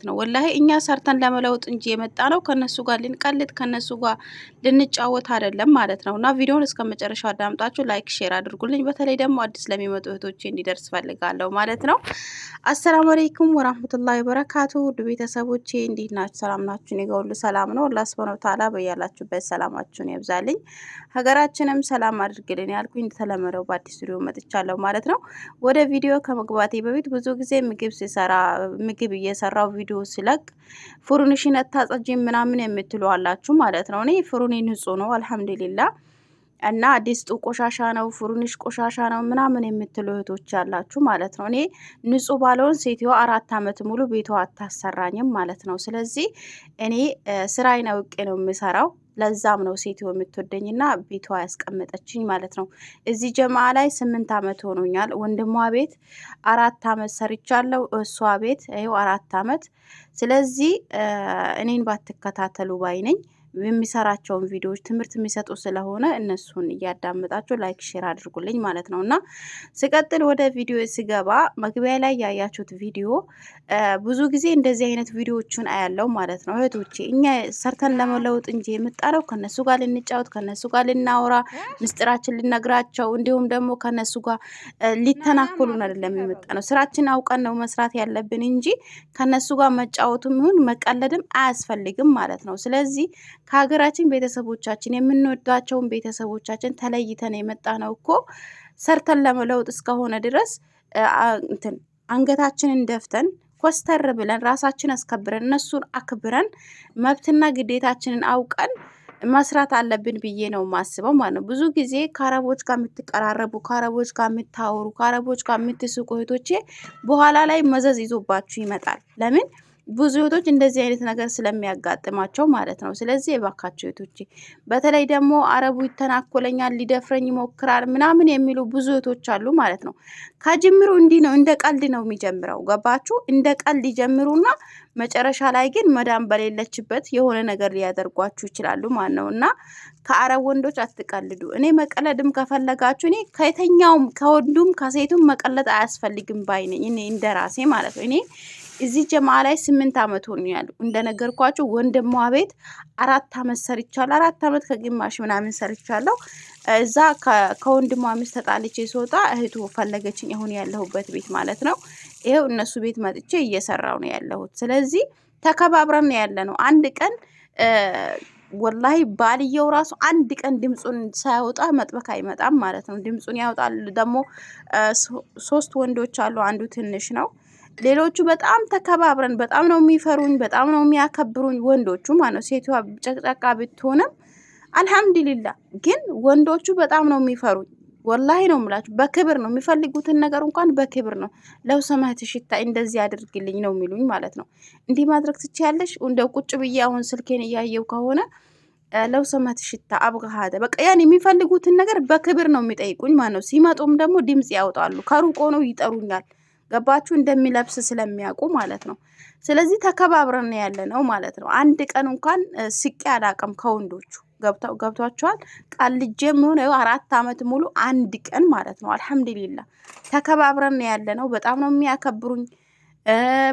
ማለት ነው። ወላሂ እኛ ሰርተን ለመለወጥ እንጂ የመጣ ነው። ከነሱ ጋር ልንቀልጥ ከነሱ ጋር ልንጫወት አይደለም ማለት ነው። እና ቪዲዮውን እስከ መጨረሻው አዳምጣችሁ ላይክ፣ ሼር አድርጉልኝ። በተለይ ደግሞ አዲስ ለሚመጡ እህቶች እንዲደርስ ፈልጋለሁ ማለት ነው። አሰላሙ አለይኩም ወራህመቱላሂ ወበረካቱ ውድ ቤተሰቦቼ እንዲህ ናችሁ? ሰላም ናችሁ? እኔ ጋር ሁሉ ሰላም ነው። አላህ ሱብሃነሁ ወተዓላ በያላችሁበት ሰላማችሁን ያብዛልኝ፣ ሀገራችንም ሰላም አድርግልን ያልኩኝ እንደተለመደው በአዲስ ስቱዲዮ መጥቻለሁ ማለት ነው። ወደ ቪዲዮ ከመግባቴ በፊት ብዙ ጊዜ ምግብ ሲሰራ ምግብ እየሰራው ቪዲዮ ቪዲዮ ስለቅ ፍሩንሽን አታጸጂ ምናምን የምትሉ አላችሁ ማለት ነው። እኔ ፍሩኔ ንጹህ ነው አልሐምዱሊላ። እና ዲስጡ ቆሻሻ ነው፣ ፍሩንሽ ቆሻሻ ነው ምናምን የምትሉ እህቶች አላችሁ ማለት ነው። እኔ ንጹህ ባለውን ሴትዮ አራት አመት ሙሉ ቤቷ አታሰራኝም ማለት ነው። ስለዚህ እኔ ስራዬን አውቄ ነው የምሰራው። ለዛም ነው ሴትዮ የምትወደኝና ቤቷ ያስቀመጠችኝ ማለት ነው። እዚህ ጀማ ላይ ስምንት ዓመት ሆኖኛል። ወንድሟ ቤት አራት ዓመት ሰርቻለሁ፣ እሷ ቤት ይኸው አራት ዓመት። ስለዚህ እኔን ባትከታተሉ ባይነኝ ነኝ። የሚሰራቸውን ቪዲዮዎች ትምህርት የሚሰጡ ስለሆነ እነሱን እያዳመጣችሁ ላይክ፣ ሼር አድርጉልኝ ማለት ነው እና ስቀጥል ወደ ቪዲዮ ስገባ መግቢያ ላይ ያያችሁት ቪዲዮ ብዙ ጊዜ እንደዚህ አይነት ቪዲዮዎችን አያለው ማለት ነው እህቶቼ። እኛ ሰርተን ለመለውጥ እንጂ የምጣለው ከነሱ ጋር ልንጫወት፣ ከነሱ ጋር ልናወራ፣ ምስጢራችን ልነግራቸው እንዲሁም ደግሞ ከነሱ ጋር ሊተናኮሉን አይደለም የምጣ ነው። ስራችን አውቀን ነው መስራት ያለብን እንጂ ከነሱ ጋር መጫወቱም ይሁን መቀለድም አያስፈልግም ማለት ነው። ስለዚህ ከሀገራችን ቤተሰቦቻችን የምንወዳቸውን ቤተሰቦቻችን ተለይተን የመጣ ነው እኮ ሰርተን ለመለወጥ እስከሆነ ድረስ እንትን አንገታችንን ደፍተን ኮስተር ብለን ራሳችን አስከብረን እነሱን አክብረን መብትና ግዴታችንን አውቀን መስራት አለብን ብዬ ነው የማስበው ማለት ነው። ብዙ ጊዜ ከአረቦች ጋር የምትቀራረቡ፣ ከአረቦች ጋር የምታወሩ፣ ከአረቦች ጋር የምትስቁ እህቶቼ በኋላ ላይ መዘዝ ይዞባችሁ ይመጣል። ለምን ብዙ እህቶች እንደዚህ አይነት ነገር ስለሚያጋጥማቸው ማለት ነው። ስለዚህ የባካቸው እህቶቼ በተለይ ደግሞ አረቡ ይተናኮለኛል፣ ሊደፍረኝ ይሞክራል ምናምን የሚሉ ብዙ እህቶች አሉ ማለት ነው። ከጅምሩ እንዲህ ነው፣ እንደ ቀልድ ነው የሚጀምረው። ገባችሁ? እንደ ቀልድ ይጀምሩና መጨረሻ ላይ ግን መዳም በሌለችበት የሆነ ነገር ሊያደርጓችሁ ይችላሉ ማለት ነው። እና ከአረብ ወንዶች አትቀልዱ። እኔ መቀለድም ከፈለጋችሁ እኔ ከየተኛውም ከወንዱም ከሴቱም መቀለጥ አያስፈልግም ባይ ነኝ እኔ እንደራሴ ማለት ነው እኔ እዚህ ጀማ ላይ ስምንት ዓመት ሆኖኛል። እንደነገርኳቸው ወንድሟ ቤት አራት ዓመት ሰርቻለሁ። አራት ዓመት ከግማሽ ምናምን ሰርቻለሁ። እዛ ከወንድሟ ሚስት ተጣልቼ ስወጣ እህቱ ፈለገችኝ። አሁን ያለሁበት ቤት ማለት ነው። ይኸው እነሱ ቤት መጥቼ እየሰራው ነው ያለሁት። ስለዚህ ተከባብረን ያለ ነው። አንድ ቀን ወላሂ ባልየው ራሱ አንድ ቀን ድምፁን ሳያወጣ መጥበክ አይመጣም ማለት ነው። ድምፁን ያወጣል። ደግሞ ሶስት ወንዶች አሉ። አንዱ ትንሽ ነው። ሌሎቹ በጣም ተከባብረን በጣም ነው የሚፈሩኝ፣ በጣም ነው የሚያከብሩኝ ወንዶቹ ማለት ነው። ሴቷ ጨቅጫቃ ብትሆንም አልሐምዱሊላ ግን ወንዶቹ በጣም ነው የሚፈሩኝ። ወላሂ ነው የምላችሁ፣ በክብር ነው የሚፈልጉትን ነገር እንኳን በክብር ነው። ለው ሰማህት ሽታ እንደዚህ አድርግልኝ ነው የሚሉኝ ማለት ነው። እንዲህ ማድረግ ትችያለሽ እንደ ቁጭ ብዬ አሁን ስልኬን እያየው ከሆነ ለው ሰማህት ሽታ አብጋሃደ በቃ ያን የሚፈልጉትን ነገር በክብር ነው የሚጠይቁኝ ማለት ነው። ሲመጡም ደግሞ ድምፅ ያወጣሉ፣ ከሩቅ ሆነው ይጠሩኛል። ገባችሁ? እንደሚለብስ ስለሚያውቁ ማለት ነው። ስለዚህ ተከባብረን ያለ ነው ማለት ነው። አንድ ቀን እንኳን ስቄ አላውቅም ከወንዶቹ ገብቷቸዋል። ቃልጄም ሆነ አራት አመት ሙሉ አንድ ቀን ማለት ነው። አልሐምዱሊላ ተከባብረን ያለ ነው። በጣም ነው የሚያከብሩኝ፣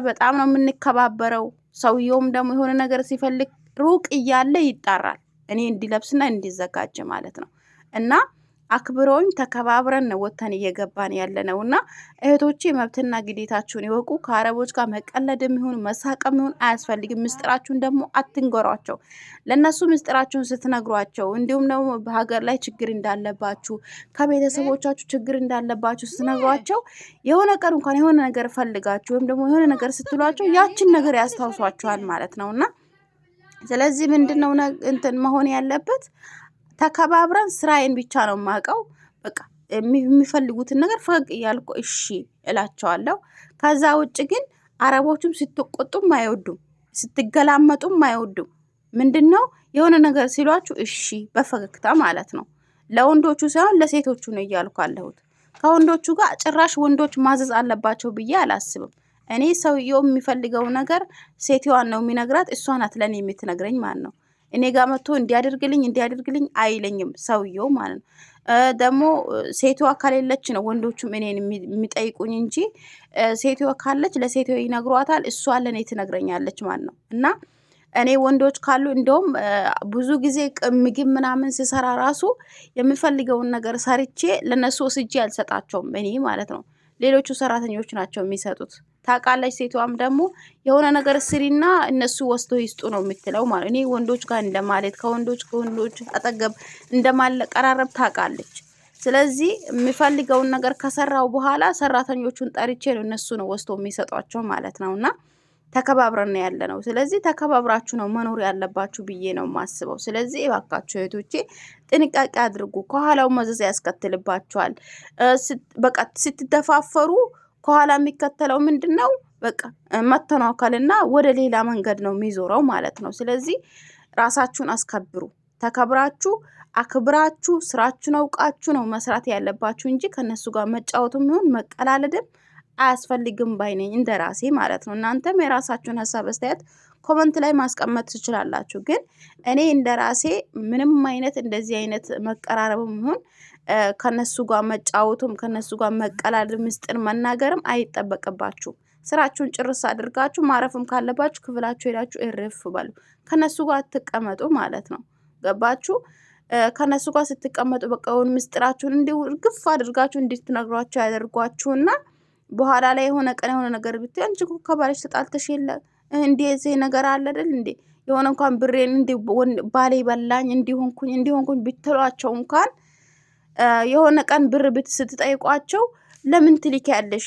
በጣም ነው የምንከባበረው። ሰውየውም ደግሞ የሆነ ነገር ሲፈልግ ሩቅ እያለ ይጣራል እኔ እንዲለብስና እንዲዘጋጅ ማለት ነው እና አክብረውኝ ተከባብረን ነው ወጥተን እየገባን ያለ ነው እና እህቶቼ መብትና ግዴታችሁን ይወቁ። ከአረቦች ጋር መቀለድም ይሁን መሳቅም ይሁን አያስፈልግም። ምስጢራችሁን ደግሞ አትንገሯቸው። ለእነሱ ምስጢራችሁን ስትነግሯቸው፣ እንዲሁም ደግሞ በሀገር ላይ ችግር እንዳለባችሁ ከቤተሰቦቻችሁ ችግር እንዳለባችሁ ስትነግሯቸው የሆነ ቀን እንኳን የሆነ ነገር ፈልጋችሁ ወይም ደግሞ የሆነ ነገር ስትሏቸው ያችን ነገር ያስታውሷችኋል ማለት ነው እና ስለዚህ ምንድን ነው እንትን መሆን ያለበት ተከባብረን ስራዬን ብቻ ነው የማውቀው። በቃ የሚፈልጉትን ነገር ፈገግ እያልኩ እሺ እላቸዋለሁ። ከዛ ውጭ ግን አረቦቹም ስትቆጡም አይወዱም፣ ስትገላመጡም አይወዱም። ምንድን ነው የሆነ ነገር ሲሏችሁ እሺ በፈገግታ ማለት ነው። ለወንዶቹ ሳይሆን ለሴቶቹ ነው እያልኩ አለሁት። ከወንዶቹ ጋር ጭራሽ ወንዶች ማዘዝ አለባቸው ብዬ አላስብም። እኔ ሰውየው የሚፈልገው ነገር ሴትዋን ነው የሚነግራት፣ እሷ ናት ለእኔ የምትነግረኝ ማለት ነው። እኔ ጋር መጥቶ እንዲያደርግልኝ እንዲያደርግልኝ አይለኝም ሰውየው ማለት ነው። ደግሞ ሴቷ ከሌለች ነው ወንዶቹም እኔን የሚጠይቁኝ እንጂ ሴቷ ካለች ለሴቷ ይነግሯታል፣ እሷ ለእኔ ትነግረኛለች ማለት ነው እና እኔ ወንዶች ካሉ እንደውም ብዙ ጊዜ ምግብ ምናምን ስሰራ ራሱ የምፈልገውን ነገር ሰርቼ ለነሱ ወስጄ አልሰጣቸውም እኔ ማለት ነው። ሌሎቹ ሰራተኞች ናቸው የሚሰጡት። ታውቃለች። ሴቷም ደግሞ የሆነ ነገር ስሪና እነሱ ወስዶ ይስጡ ነው የምትለው ማለት እኔ ወንዶች ጋር እንደማለት ከወንዶች ከወንዶች አጠገብ እንደማለቀራረብ ታውቃለች። ስለዚህ የሚፈልገውን ነገር ከሰራው በኋላ ሰራተኞቹን ጠርቼ ነው እነሱ ነው ወስዶ የሚሰጧቸው ማለት ነው እና ተከባብረን ያለ ነው። ስለዚህ ተከባብራችሁ ነው መኖር ያለባችሁ ብዬ ነው ማስበው ስለዚህ እባካችሁ እህቶቼ ጥንቃቄ አድርጉ። ከኋላው መዘዝ ያስከትልባችኋል። በቃ ስትደፋፈሩ ከኋላ የሚከተለው ምንድን ነው? በቃ መተናከልና ወደ ሌላ መንገድ ነው የሚዞረው ማለት ነው። ስለዚህ ራሳችሁን አስከብሩ። ተከብራችሁ አክብራችሁ ስራችሁን አውቃችሁ ነው መስራት ያለባችሁ እንጂ ከነሱ ጋር መጫወቱ ይሁን መቀላለድም አያስፈልግም ባይነኝ እንደ ራሴ ማለት ነው። እናንተም የራሳችሁን ሀሳብ አስተያየት ኮመንት ላይ ማስቀመጥ ትችላላችሁ። ግን እኔ እንደ ራሴ ምንም አይነት እንደዚህ አይነት መቀራረብም ይሁን ከነሱ ጋር መጫወቱም ከነሱ ጋር መቀላል ምስጢር መናገርም አይጠበቅባችሁም። ስራችሁን ጭርስ አድርጋችሁ ማረፍም ካለባችሁ ክፍላችሁ ሄዳችሁ እርፍ በሉ። ከነሱ ጋር አትቀመጡ ማለት ነው። ገባችሁ? ከነሱ ጋር ስትቀመጡ በቃ ምስጢራችሁን እንዲሁ እርግፍ አድርጋችሁ እንዲትነግሯቸው ያደርጓችሁና በኋላ ላይ የሆነ ቀን የሆነ ነገር ብትይ አንቺ እኮ ከባልሽ ተጣልተሽ የለ እንዴ ዚህ ነገር አለ አይደል እንዴ የሆነ እንኳን ብሬን እንዲ ባሌ በላኝ እንዲሆንኩኝ እንዲሆንኩኝ ብትሏቸው እንኳን የሆነ ቀን ብር ብት ስትጠይቋቸው ለምን ትልክ ያለሽ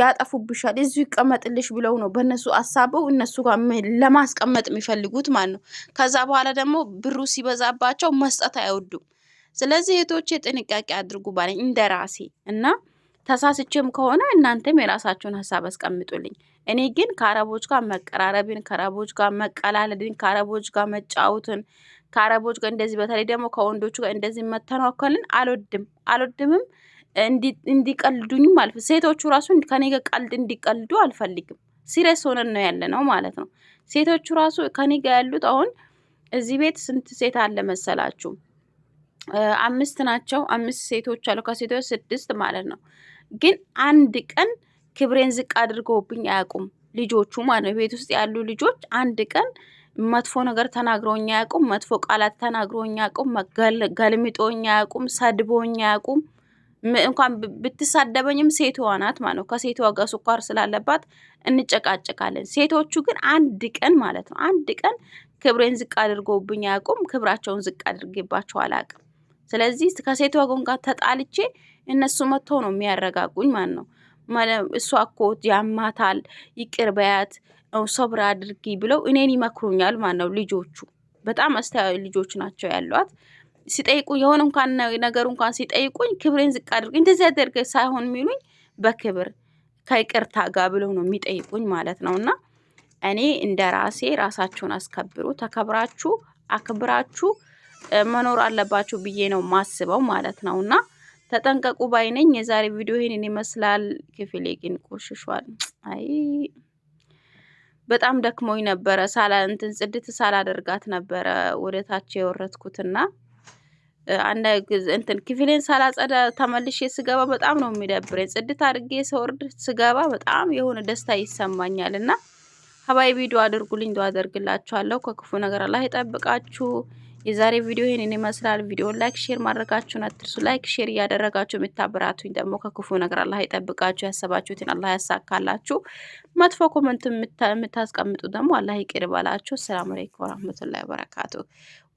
ያጠፉብሻል፣ እዚሁ ይቀመጥልሽ ብለው ነው በእነሱ አሳበው እነሱ ጋር ለማስቀመጥ የሚፈልጉት ማለት ነው። ከዛ በኋላ ደግሞ ብሩ ሲበዛባቸው መስጠት አይወዱም። ስለዚህ እህቶቼ ጥንቃቄ አድርጉ ባለኝ እንደ ራሴ እና ተሳስቼም ከሆነ እናንተም የራሳችሁን ሀሳብ አስቀምጡልኝ። እኔ ግን ከአረቦች ጋር መቀራረብን፣ ከአረቦች ጋር መቀላለድን፣ ከአረቦች ጋር መጫወትን፣ ከአረቦች ጋር እንደዚህ በተለይ ደግሞ ከወንዶቹ ጋር እንደዚህ መተናከልን አልወድም አልወድምም። እንዲቀልዱኝም አልፍ ሴቶቹ ራሱ ከኔ ጋር ቀልድ እንዲቀልዱ አልፈልግም። ሲሬስ ሆነን ነው ያለ ነው ማለት ነው። ሴቶቹ ራሱ ከኔ ጋር ያሉት አሁን እዚህ ቤት ስንት ሴት አለ መሰላችሁም? አምስት ናቸው። አምስት ሴቶች አሉ። ከሴቶች ስድስት ማለት ነው። ግን አንድ ቀን ክብሬን ዝቅ አድርገውብኝ አያውቁም ልጆቹ ማለት ነው። ቤት ውስጥ ያሉ ልጆች አንድ ቀን መጥፎ ነገር ተናግረውኝ አያውቁም። መጥፎ ቃላት ተናግረውኝ አያውቁም። ገልምጦኝ አያውቁም። ሰድቦኝ አያውቁም። እንኳን ብትሳደበኝም ሴትዋ ናት ማለት ነው። ከሴትዋ ጋር ስኳር ስላለባት እንጨቃጨቃለን። ሴቶቹ ግን አንድ ቀን ማለት ነው አንድ ቀን ክብሬን ዝቅ አድርገውብኝ አያውቁም። ክብራቸውን ዝቅ አድርጌባቸው አላውቅም። ስለዚህ ከሴቷ ጎን ጋር ተጣልቼ እነሱ መጥቶ ነው የሚያረጋጉኝ ማለት ነው። እሷ እኮ ያማታል፣ ይቅር በያት፣ ሶብር አድርጊ ብለው እኔን ይመክሩኛል ማለት ነው። ልጆቹ በጣም አስተያዩ ልጆች ናቸው ያሏት። ሲጠይቁ የሆነ እንኳን ነገሩ እንኳን ሲጠይቁኝ ክብሬን ዝቅ አድርግ እንደዚህ አደርገ ሳይሆን የሚሉኝ በክብር ከይቅርታ ጋር ብለው ነው የሚጠይቁኝ ማለት ነው። እና እኔ እንደ ራሴ ራሳችሁን አስከብሩ፣ ተከብራችሁ አክብራችሁ መኖር አለባችሁ ብዬ ነው ማስበው ማለት ነው። እና ተጠንቀቁ ባይነኝ። የዛሬ ቪዲዮ ይህንን ይመስላል። ክፍሌ ግን ቆሽሿል። አይ በጣም ደክሞኝ ነበረ። ሳላ እንትን ጽድት ሳላደርጋት ነበረ ወደ ታች የወረትኩትና አንድ እንትን ክፍሌን ሳላጸዳ ተመልሼ ስገባ በጣም ነው የሚደብረኝ። ጽድት አድርጌ ስወርድ ስገባ በጣም የሆነ ደስታ ይሰማኛል። እና ሀባይ ቪዲዮ አድርጉልኝ፣ ዶ አደርግላችኋለሁ። ከክፉ ነገር አላህ ይጠብቃችሁ። የዛሬ ቪዲዮ ይህንን ይመስላል። ቪዲዮን ላይክ፣ ሼር ማድረጋችሁን አትርሱ። ላይክ ሼር እያደረጋችሁ የምታብራቱኝ ደግሞ ከክፉ ነገር አላህ ይጠብቃችሁ፣ ያሰባችሁትን አላህ ያሳካላችሁ። መጥፎ ኮመንት የምታስቀምጡ ደግሞ አላህ ይቅር ባላችሁ። ሰላም አለይኩም ወራህመቱላሂ ወበረካቱ።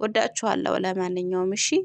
ወዳችኋለሁ። ለማንኛውም እሺ